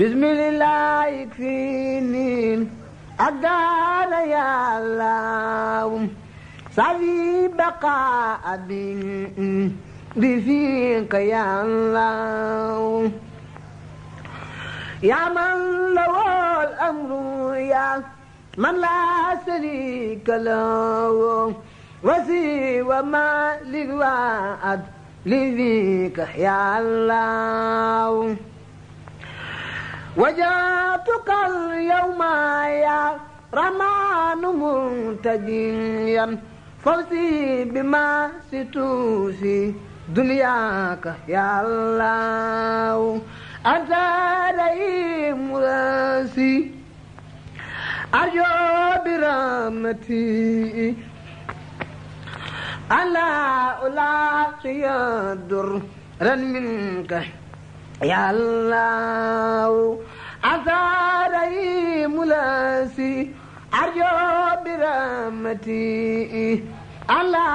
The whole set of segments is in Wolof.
bismillah ikfini adana ya allah safi baqa abin بفيك يا الله يا من له الأمر يا من لا شريك له وسوى ما للوعد لفيك يا الله وجاتك اليوم يا رمان منتجيا فوزي بما ستوفي دنياك يا الله أنت رئيم راسي أرجو برحمتي ألا ألاقي الدر رن منك يا الله أثاري ملاسي أرجو برحمتي ألا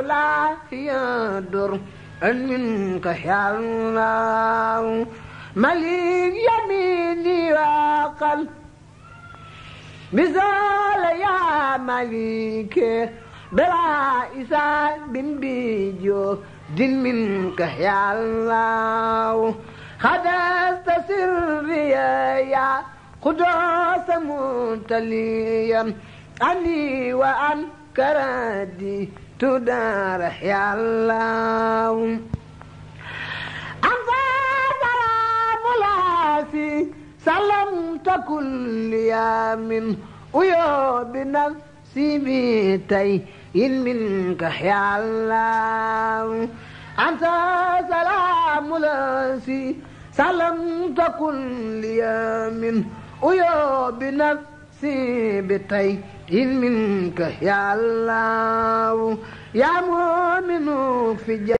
ألا يدر أن منك يا الله مليك يميني وقل بزال يا مليك بلا إسان بن بيجو دين منك يا الله خدست سريا يا قدوس منتليا عني وعن كردي تدار يا الله أنت سلام لاسي سلمت كل يوم ويا بنفسي بيتي منك يا الله anta salaamul si salam takun liya min uyo bi nafsi bi tay in minka ya allah ya mu'minu fi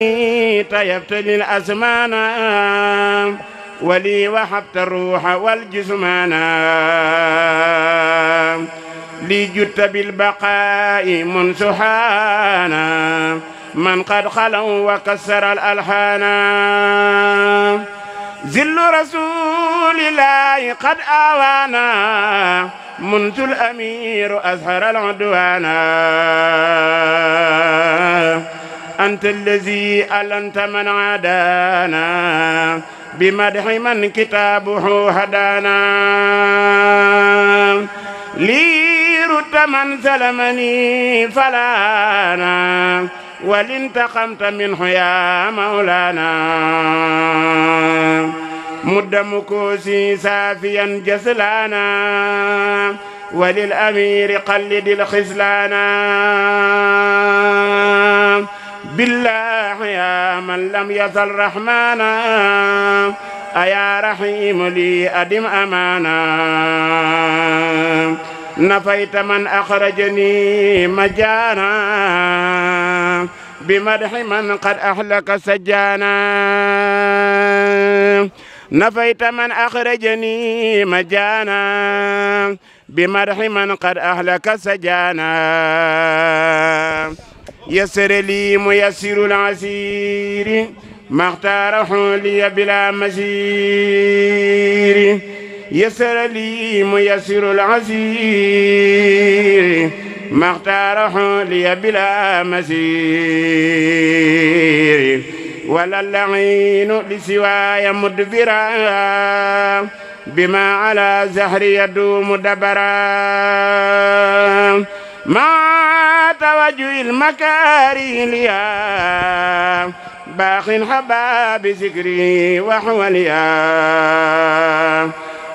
تيبتلي الأزمان ولي وحبت الروح والجسمان لي جدت بالبقاء منذ حانا من قد خلوا وكسر الألحان ذل رسول الله قد آوانا منذ الأمير أزهر العدوانا أنت الذي ألنت من عادانا بمدح من كتابه هدانا ليرت من سلمني فلانا ولانتقمت منه يا مولانا مد مكوسي سافيا جسلانا وللأمير قلد الخزلانا بالله يا من لم يزل رحمانا أيا رحيم لي أدم أمانا نفيت من أخرجني مجانا بمدح من قد أهلك سجانا نفيت من أخرجني مجانا بمدح من قد أهلك سجانا يسر لي ميسر العسير ما اختاره لي بلا مسير يسر لي ميسر العسير ما اختاره لي بلا مسير ولا اللعين لسواي مدبرا بما على زهري يدوم دبرا ما توجه المكاري ليا باخ حبا بذكري وحوليا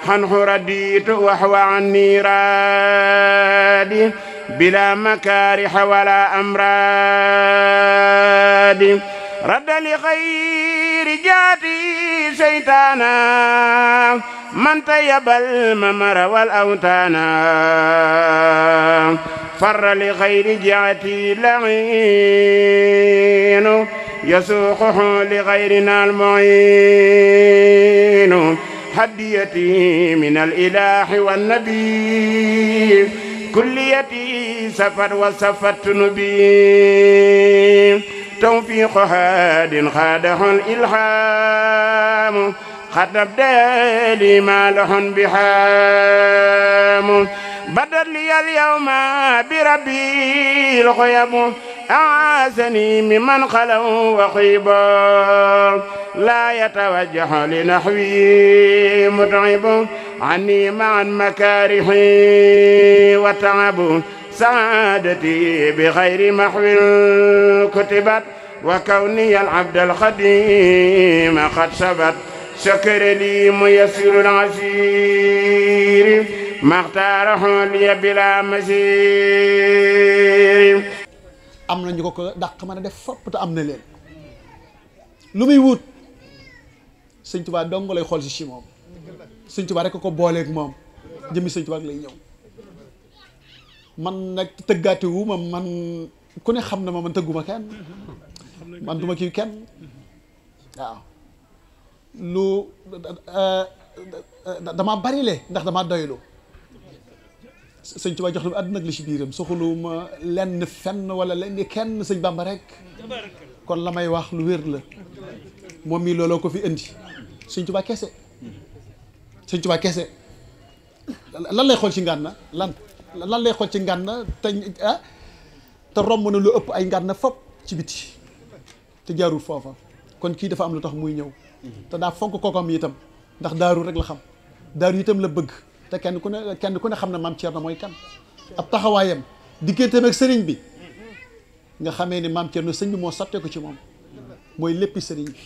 حنح رديت وحو عني رادي بلا مكارح ولا أمراد رد لخير جاتي شيطانا من طيب الممر والأوتانا فر لخير جاتي لعين يسوقه لغيرنا المعين حديتي من الإله والنبي كليتي سفر وسفت نبي توفيق هاد خاده الإلهام قد أبدى لي ما لهن بحام بدت لي اليوم بربي الخيب أعاذني ممن خلوا وخيبا لا يتوجه لنحوي متعب عني مع المكاره وتعب سعادتي بغير محو كتبت وكوني العبد الخديم قد ثبت شكر لي ميسر العسير ما اختاره لي بلا مسير am na ñu ko ko dàq mën a def fopp te am na leen lu muy wut sëñ Tuubaa dong lay xool si si moom sëñ rek ko booleeg moom jëmmi sëñ Tuubaa lay ñëw man nag tëggaate wu ma man ku ne xam na ma man tëgguma kenn man du ma kii kenn waaw lu eh, eh, damaa bari le ndax damaa doylu sëñ Tuubaa jox la àddina ak li ci biiram soxaluma lenn fenn wala lenn kenn sëñ Bàmba rek kon la may wax lu wér la moom mii looloo ko fi indi sëñ Tuubaa kese sëñ Tuubaa kese lan lay xool ci ngànna lan lan lay xool ci ngànna te ah romb na lu ëpp ay ngànna fop ci biti te jaarul foofa kon kii dafa am lu tax muy ñëw te daa fonk kookam tam ndax daaru rek la xam daaru tam la bëgg te kenn ku ne kenn ku ne xam na maam na mooy kan ab taxawaayam digganteem ak sëriñ bi nga xamee ne maam na sëñ bi moo sottee ko ci moom mooy léppi sëriñ bi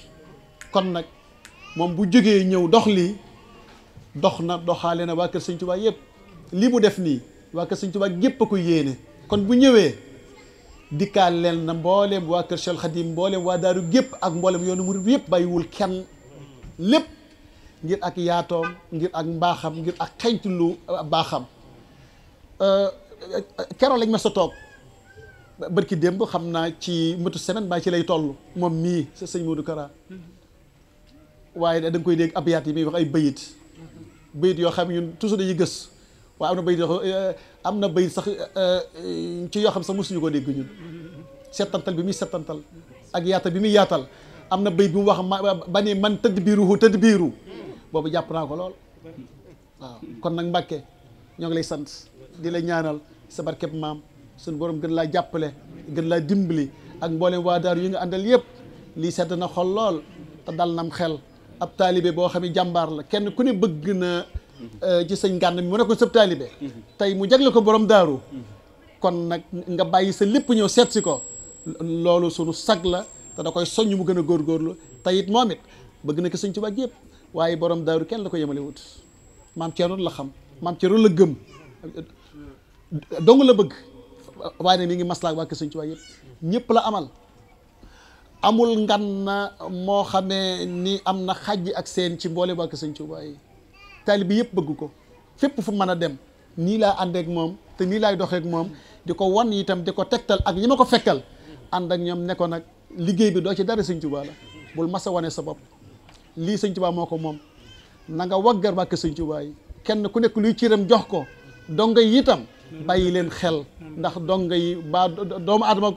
kon nag moom bu jógee ñëw dox lii dox na doxaale na waa kër sëñ Tuubaa yëpp lii mu def nii waa kër sëñ Tuubaa yëpp a ko yéene kon bu ñëwee dikkaal leen na mbooleem waa Kër Cheikh Khadim mbooleem waa daaru gépp ak mbooleem yoonu murid yëpp bàyyiwul kenn lépp ngir ak yaatoom ngir ak mbaaxam ngir ak xeñtu lu uh, baaxam uh, keroog lañ ma sa toog bët ki démb xam naa ci mëtu semaine baa ci lay toll moom mii sa sëñ Modou Kara waaye da nga koy dégg yaat yi muy wax ay bayit bayit yoo xam ñun toujours dañuy gës waaye am na bay eh, am na bay sax eh, ci yoo xam sax mosuñu ko dégg ñun settantal bi muy settantal ak yaatal bi muy yaatal am na bay bi mu wax ma ba ne man tëdd biiruhu tëdd biiru boobu jàpp naa ko lool waaw kon nag Mbàkke ñoo ngi lay sant di la ñaanal sa barkeb maam suñu borom gën laa jàppale gën laa dimbali ak mboolem waa daaru yi nga àndal yëpp lii sedd na xol lool te dal nam xel ab taalibe boo xam ne jàmbaar la kenn ku ne bëgg na Euh, ci sëñ gànn mi mu ne ko sëb taalibe tey mu jagle ko borom daaru kon nag nga bàyyi sa lépp ñëw seet si ko loolu sunu sag la te da koy soñ mu gën a góor góorlu te it moom it bëgg na ko sëñ Tuubaa yëpp waaye borom daaru kenn la ko yemale wut maam Ceerno la xam maam Ceerno la gëm dong la bëgg waaye ne mi ngi maslaak waa kër sëñ ci yëpp ñëpp la amal amul ngan na moo xamee ni am na xajj ak seen ci mboole waa kër sëñ Tuubaa yi taalibe yëpp bëgg ko fépp fu mën a dem nii laa àndeek moom te nii laay doxeek moom di ko wan itam di ko tegtal ak ñi ma ko fekkal ànd ak ñoom nekkoon ko nag liggéey bi doo ci dara sëñ Tuubaa la bul mas a wane sa bopp lii sëñ Tuubaa moo ko moom nanga nga waggar wàkk sëñ Tuubaa yi kenn ku nekk luy ciiram jox ko donga yi itam bàyyi leen xel ndax donga yi baa doomu aadama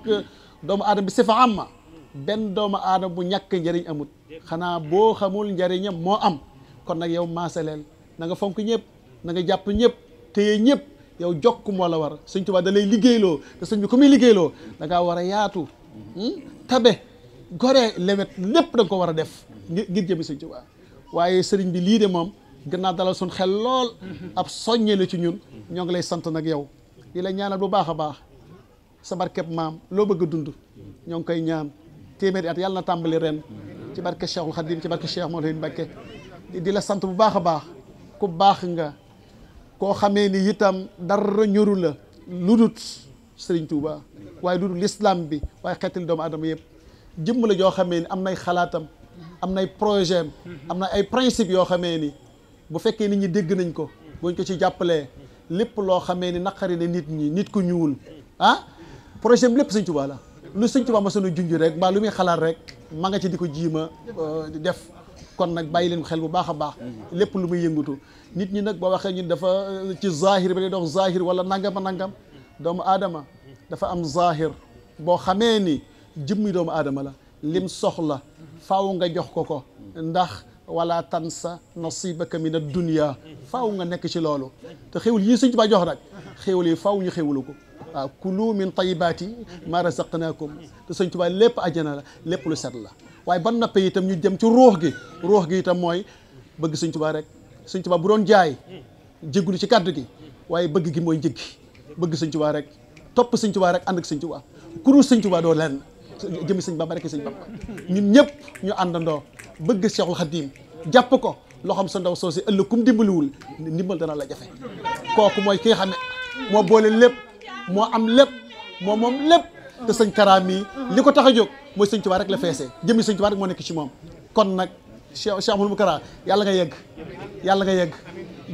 doomu aadama bi sifa am ma benn doomu aadama bu ñàkk njariñ amut xanaa boo xamul njariñam moo am kon nag yow maasaleel nanga fonk ñëpp na nga jàpp ñëpp téye ñëpp yow jokk moo la war sëñ Tuubaa dalay lay liggéeyloo te sëñ bi ku muy liggéeyloo da ngaa war a yaatu hmm? tabe gore lewet lépp da ko war a def ngir jëmi sëñ Tuubaa waaye sëriñ bi lii de moom gën dalal suñ xel lool mm-hmm. ab soññe la ci ñun ñoo ngi lay sant nag yow di la ñaanal bu baax a baax sa barkeb maam loo bëgg dund ñoo ngi koy ñaan téeméeri at yàlla na tàmbali ren ci barke Cheikhul Khadim ci barke Cheikh Mawlana Mbacké di la sant bu baax a baax ku baax nga koo xamee ni itam dara ñoru la lu dut sëriñ Tuuba waaye lu lislaam bi waaye xeetil doomu aadama yëpp jëmm la joo xamee ni am na ay xalaatam am na ay projet am na ay principe yoo xamee ni bu fekkee nit ñi dégg nañ ko buñ ko ci jàppalee lépp loo xamee ni naqari na nit ñi nit ku ñuul ah projet mu lépp sëñ Tuuba la lu sëñ Tuuba ma sunu junj rek mbaa lu muy xalaat rek ma nga ci di ko jiima euh, def kon nag bàyyi leen ko xel bu baax a baax lépp lu muy yëngatu nit ñi nag boo waxee ñun dafa euh, ci zahir ba lay dox zahir wala nangam a nangam doomu aadama dafa am zahir boo xamee ni jëmmi doomu aadama la lim soxla faw nga jox ko ko ndax wala tansa nasibaka min ad-dunya faaw nga nekk ci loolu te xewul yii suñ ci jox nag xéwal yi faaw ñu xéwalu ko waaw kulu min tayibaati ma razaqnaakum te sëñ Tuubaa lépp àjjana la lépp lu set la waaye ban nappe itam ñu jëm ci ruux gi ruux gi itam mooy bëgg Sëñ Tuubaa rek Sëñ Tuubaa bu doon jaay jéggulu ci kàddu gi waaye bëgg gi mooy njëg gi bëgg Sëñ Tuubaa rek topp Sëñ Tuubaa rek ànd ak Sëñ Tuubaa ku dul Sëñ Tuubaa doo lenn jëmi Sëñ Bamba rek Sëñ Bamba ñun ñëpp ñu àndandoo bëgg Seexul Xadiim jàpp ko loo xam sa ndaw soo si ëllëg kum dimbaliwul ndimbal dana la jafe kooku mooy ki nga ne moo boole lépp moo am lépp moo moom lépp te sañ Kara mi li ko tax a jóg mooy sëñ Tuubaa rek la feesee jëmmi sëñ Tuubaa rek moo nekk ci moom kon nag Cheikh Cheikh Ahmadou Kara yàlla nga yegg yàlla nga yegg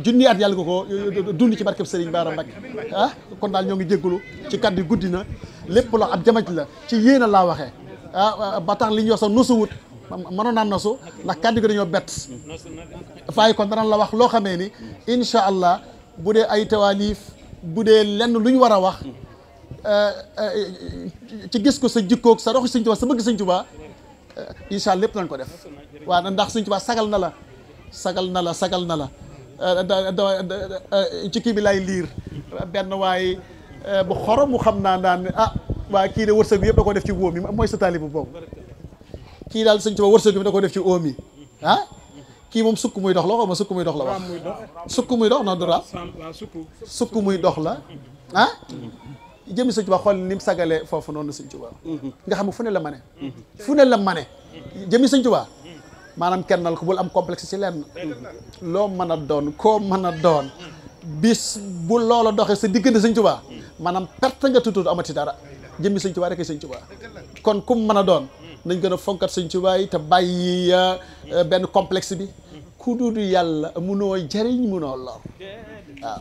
junni at yàlla nga ko dund ci barkeb Serigne Bara Mbacké ah kon daal ñoo ngi jéggulu ci kàddu yi guddi na lépp la ab jamaj la ci yéen a laa waxee ah ba tax li ñuy wax sax a mënoon naa nosu ndax kàddu gi dañoo bett fay kon danañ la wax loo xamee ni incha allah bu dee ay tawaalif bu dee lenn lu ñu war a wax Euh, euh, euh, ci gis ko sa jikkoog sa roxu sa bëgg sëñ Tuubaa incha allah lépp nañ ko def waaw ndax sëñ Tuubaa sagal na la sagal na la sagal na la ci kii bi lay liir benn waay bu xorom mu xam naa daan ah kii de wërsëg bi yëpp da ko def ci wóom yi mooy sa taalibu boobu kii daal sëñ Tuubaa wërsëg bi da ko def ci wóom ah? moom sukk muy dox la xaw ma sukk muy dox la wax sukk muy dox non du raam sukk muy dox la ah jëmmi sëñ Tuubaa xool ni mu sagalee foofu noonu sëñ Tuubaa mhm. nga xam ne fu ne la mane mhm. fu ne la mane sañ sëñ Tuubaa maanaam nal ko bul am complexe ci leen mhm. loo mën a doon koo mën a doon bis bu loola doxee sa diggante sëñ Tuubaa maanaam perte nga tutut amati dara jëmmi sëñ Tuubaa rek sañ sëñ Tuubaa kon kum mën a doon nañ gën a fonkat sañ Tuubaa yi te bàyyi euh, benn complexe bi ku dul yàlla munoo jariñ munoo lor waaw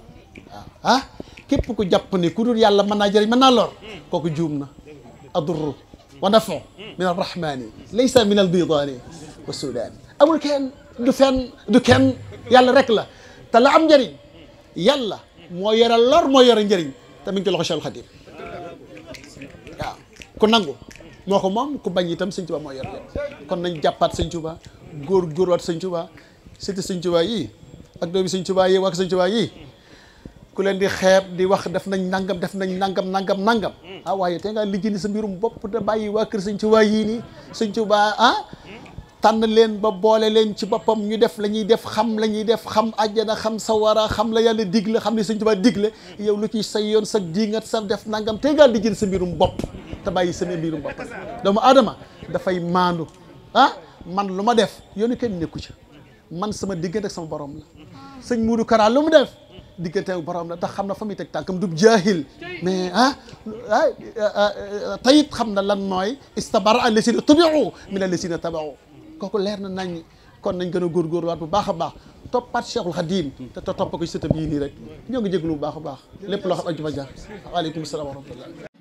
waaw ah? képp ku jàpp ne ku dul yàlla mën naa jëriñ man na lor kooku juum na adurru wa nafu min arrahmani laysa min albidaani wa sudaani amul kenn du fenn du kenn yàlla rek la te la am njëriñ yàlla moo yore lor moo yore njëriñ te mi ngi ci loxo Cheikh Khadim ku nangu moo ko moom ku bañ itam sëñ Tuba moo yor leen kon nañ jàppaat sëñ Tuba góor góorwaat sëñ Tuba sëti sëñ Tuba yi ak doomi sëñ Tuba yi waa sëñ yi ku leen di xeeb di wax def nañ nangam def nañ nangam nangam nangam mm. ah waaye te ngaa lijjini sa mbirum bopp da bàyyi waa kër ci Tuubaa yii nii sëñ Tuubaa ah tànn leen ba boole leen ci boppam ñu def la ñuy def xam la ñuy def xam àjjana xam sawara xam la yàlla digle xam li sëñ Tuubaa digle mm. yow lu ci say yoon sa diingat sa def nangam te ngaa lijjini sa mbirum bopp te bàyyi sa mbirum bopp doomu aadama dafay maandu ah man lu ma def yoonu kenn nekku ci man sama diggante ak sama borom mm. sëñ Muudu def diggante boroom la tax xam na fa muy teg tànkam du jaahil mais ah ah, ah tayit xam na lan mooy istabara allasina tubiu min allasina tabau kooku leer na nañ kon nañ gën a waat bu baax a baax toppaat Cheikhul Khadim te topp ko ci sëtam yii nii rek ñoo ngi jéglu lu baax a baax lépp loo xam a juba jaar waaleykum salaam wa rahmatullah